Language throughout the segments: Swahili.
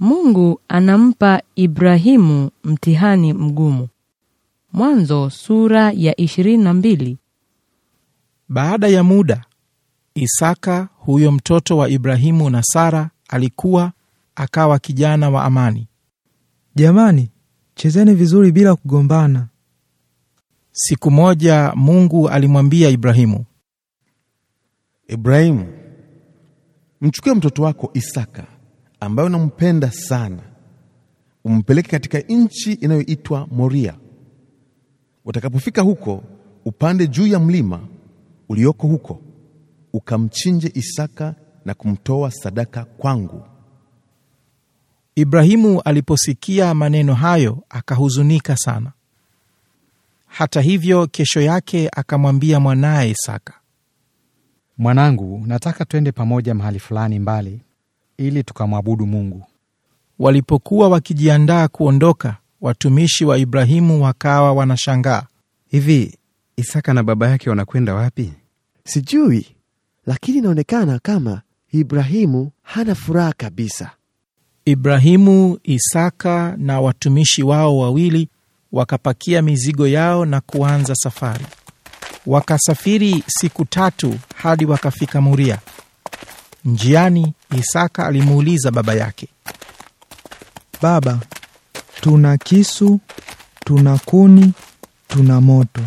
Mungu anampa Ibrahimu mtihani mgumu. Mwanzo sura ya ishirini mbili. Baada ya muda, Isaka huyo mtoto wa Ibrahimu na Sara alikuwa akawa kijana wa amani. Jamani, chezeni vizuri bila kugombana. Siku moja Mungu alimwambia Ibrahimu, Ibrahimu, mchukue mtoto wako Isaka ambaye unampenda sana umpeleke katika nchi inayoitwa Moria. Utakapofika huko, upande juu ya mlima ulioko huko, ukamchinje Isaka na kumtoa sadaka kwangu. Ibrahimu aliposikia maneno hayo akahuzunika sana. Hata hivyo, kesho yake akamwambia mwanaye Isaka, mwanangu, nataka twende pamoja mahali fulani mbali ili tukamwabudu Mungu. Walipokuwa wakijiandaa kuondoka, watumishi wa Ibrahimu wakawa wanashangaa, hivi Isaka na baba yake wanakwenda wapi? Sijui, lakini inaonekana kama Ibrahimu hana furaha kabisa. Ibrahimu, Isaka na watumishi wao wawili wakapakia mizigo yao na kuanza safari. Wakasafiri siku tatu hadi wakafika Muria. Njiani Isaka alimuuliza baba yake, Baba, tuna kisu, tuna kuni, tuna moto,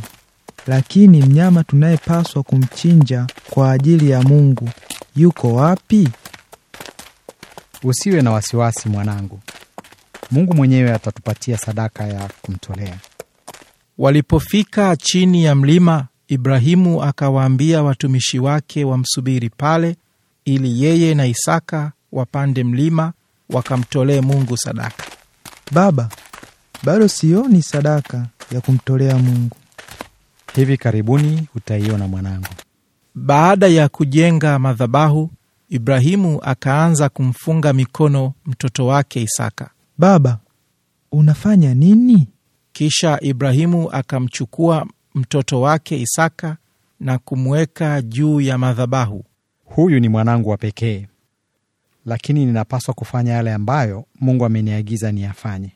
lakini mnyama tunayepaswa kumchinja kwa ajili ya Mungu yuko wapi? Usiwe na wasiwasi mwanangu, Mungu mwenyewe atatupatia sadaka ya kumtolea. Walipofika chini ya mlima, Ibrahimu akawaambia watumishi wake wamsubiri pale ili yeye na Isaka wapande mlima wakamtolee Mungu sadaka. Baba, bado sioni sadaka ya kumtolea Mungu. Hivi karibuni utaiona mwanangu. Baada ya kujenga madhabahu, Ibrahimu akaanza kumfunga mikono mtoto wake Isaka. Baba, unafanya nini? Kisha Ibrahimu akamchukua mtoto wake Isaka na kumweka juu ya madhabahu huyu ni mwanangu wa pekee, lakini ninapaswa kufanya yale ambayo Mungu ameniagiza niyafanye.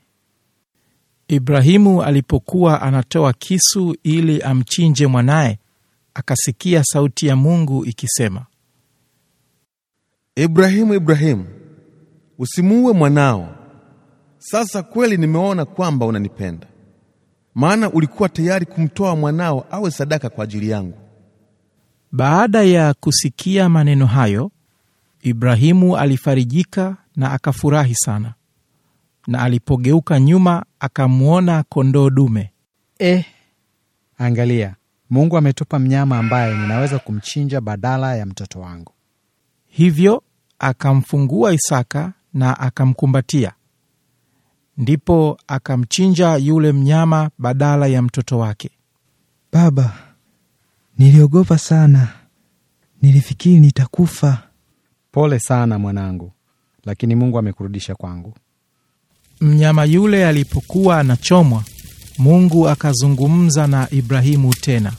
Ibrahimu alipokuwa anatoa kisu ili amchinje mwanaye, akasikia sauti ya Mungu ikisema, Ibrahimu, Ibrahimu, usimuue mwanao. Sasa kweli nimeona kwamba unanipenda, maana ulikuwa tayari kumtoa mwanao awe sadaka kwa ajili yangu. Baada ya kusikia maneno hayo, Ibrahimu alifarijika na akafurahi sana, na alipogeuka nyuma akamwona kondoo dume. Eh, angalia, Mungu ametupa mnyama ambaye ninaweza kumchinja badala ya mtoto wangu. Hivyo akamfungua Isaka na akamkumbatia, ndipo akamchinja yule mnyama badala ya mtoto wake. Baba, Niliogopa sana, nilifikiri nitakufa. Pole sana mwanangu, lakini Mungu amekurudisha kwangu. Mnyama yule alipokuwa anachomwa, Mungu akazungumza na Ibrahimu tena.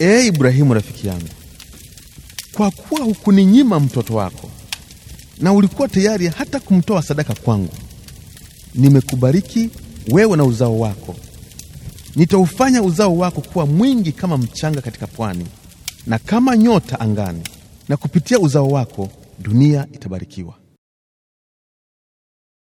Ee Ibrahimu rafiki yangu, kwa kuwa hukuninyima mtoto wako na ulikuwa tayari hata kumtoa sadaka kwangu, nimekubariki wewe na uzao wako nitaufanya uzao wako kuwa mwingi kama mchanga katika pwani na kama nyota angani, na kupitia uzao wako dunia itabarikiwa.